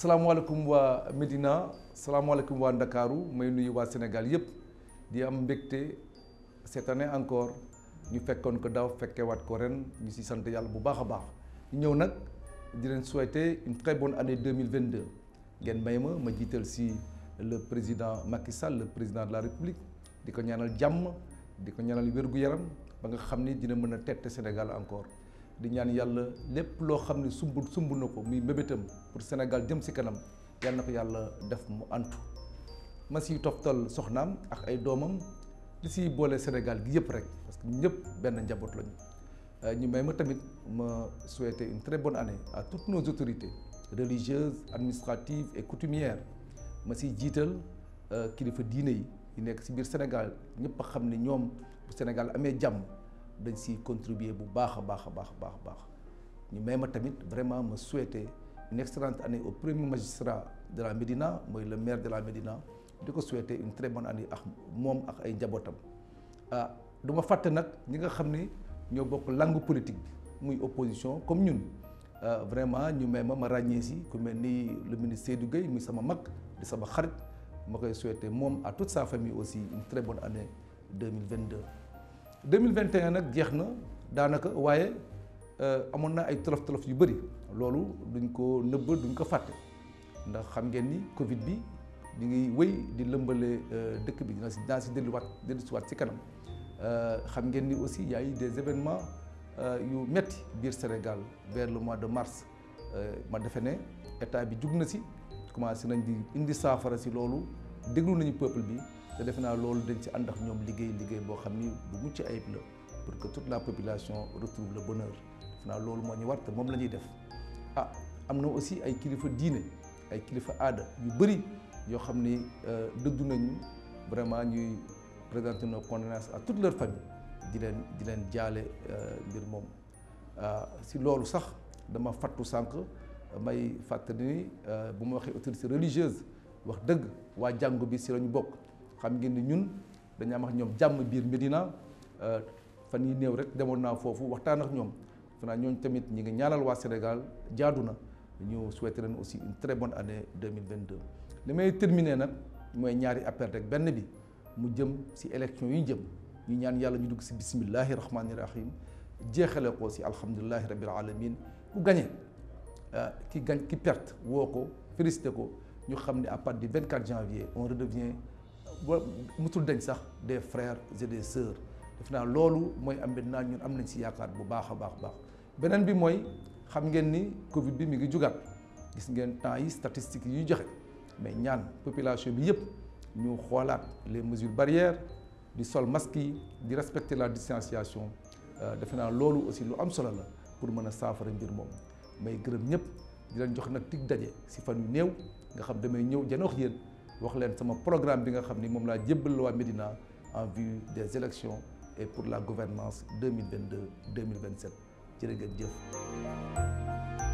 salaamaaleykum waa Médina salaamaaleykum waa Ndakaaru may nuyu waa Sénégal yëpp di am mbégte cette année encore ñu fekkoon ko daaw fekkee waat ko ren ñu si sant yàlla bu baax a baax ñëw nag di leen souhaiter une très bonne année 2022 ngeen may ma ma jiital si le président Macky Sall président de la République di ko ñanal jàmm di ko ñaanal wér-gu-yaram ba nga xam ni dina mën a tette Sénégal encore di ñaan yàlla lépp loo xam ne sumb sumbu na ko muy mbébétam pour Sénégal jëm si kanam yàlla na ko yàlla def mu antu ma siy toftal soxnaam ak ay doomam di si boole Sénégal gi yëpp rek parce que ñëpp benn njaboot lañu euh, ñu may ma tamit ma souhaiter une très bonne année à toutes nos autorités religieuses administratives et coutumières ma siy jiital euh, kilifa diine yi yi nekk si biir Sénégal ñëpp a xam ne ñoom bu Sénégal amee jàmm. dañ si contribuer bu baax a baax a baax a baax baax ñu may ma tamit vraiment ma souhaiter une excellente année au premier magistrat de la Médina mooy le maire de la Médina di ko souhaiter une très bonne année ak moom ak ay njabootam ah du ma fàtte nag ñi nga xam ni ñoo bokk langue politique bi muy opposition comme ñun ah, vraiment ñu may ma ma ràññee si ku mel ni le ministre Seydou Gueye muy sama mag di sama xarit ma koy souhaiter moom à toute sa famille aussi une très bonne année 2022 2021 nag jeex na daanaka waaye euh, amoon na ay tolof tolof yu bëri loolu duñ ko nëbba duñ ko fàtte ndax xam ngeen ni Covid bi ñu ngay wéy di lëmbale euh, dëkk bi dina si dina si delluwaat dellusiwaat ci kanam euh, xam ngeen ni aussi y des événements yu metti biir Sénégal vers le mois de mars ma defe ne état bi jug na si commencé nañ di indi saafara si loolu déglu nañu peuple bi. te defe naa loolu dañ si ànd ak ñoom liggéey liggéey boo xam ni bu mucc ayib la pour que toute la population retrouve le bonheur defe naa loolu moo ñu war te moom la ñuy def ah am na aussi ay kilifa diine ay kilifa aada yu bëri yoo xam ni euh, dëddu nañu vraiment ñuy présenter nos condoléances ak toute leur famille di leen di leen jaale ngir euh, moom ah, si loolu sax dama fàttu sànq may fàttali ni euh, bu ma waxee autorité religieuse wax dëgg waa jàngu bi si la ñu bokk xam ngeen ni ñun dañu am ak ñoom jàmm biir Medina euh, fan yi néew rek demoon naa foofu waxtaan ak ñoom fanaa ñooñu tamit ñi ngi ñaanal waa Sénégal jaadu na ñu souhaité leen aussi une très bonne année 2022 li may terminer nag mooy ñaari appel rek benn bi mu jëm si élection yu jëm ñu ñaan yàlla ñu dugg si bismillahi rahmaani rahim jeexale ko si alhamdulilahi rabil alamin ku gañe euh, ki gañ ki perte woo ko félicité ko ñu xam ne à partir du 24 janvier on redevient ba musul dañ sax des frères et des sœurs def naa loolu mooy am naa ñun am nañ ci yaakaar bu baax a baax baax beneen bi mooy xam ngeen ni Covid bi mi ngi jugaat gis ngeen temps yi statistiques yi joxe mais ñaan population bi yëpp ñu xoolaat les mesures barrières di sol maski yi di respecter la distanciation euh, defe naa loolu aussi lu am solo la pour mën a saafara mbir moom may gërëm ñëpp di leen jox nag tig daje si fan yu néew nga xam damay ñëw janox yéen. wax leen sama programme bi nga xam ni moom laa jébbal waa Médina en vue des élections et pour la gouvernance 2022 2027 jërë ngeen jëf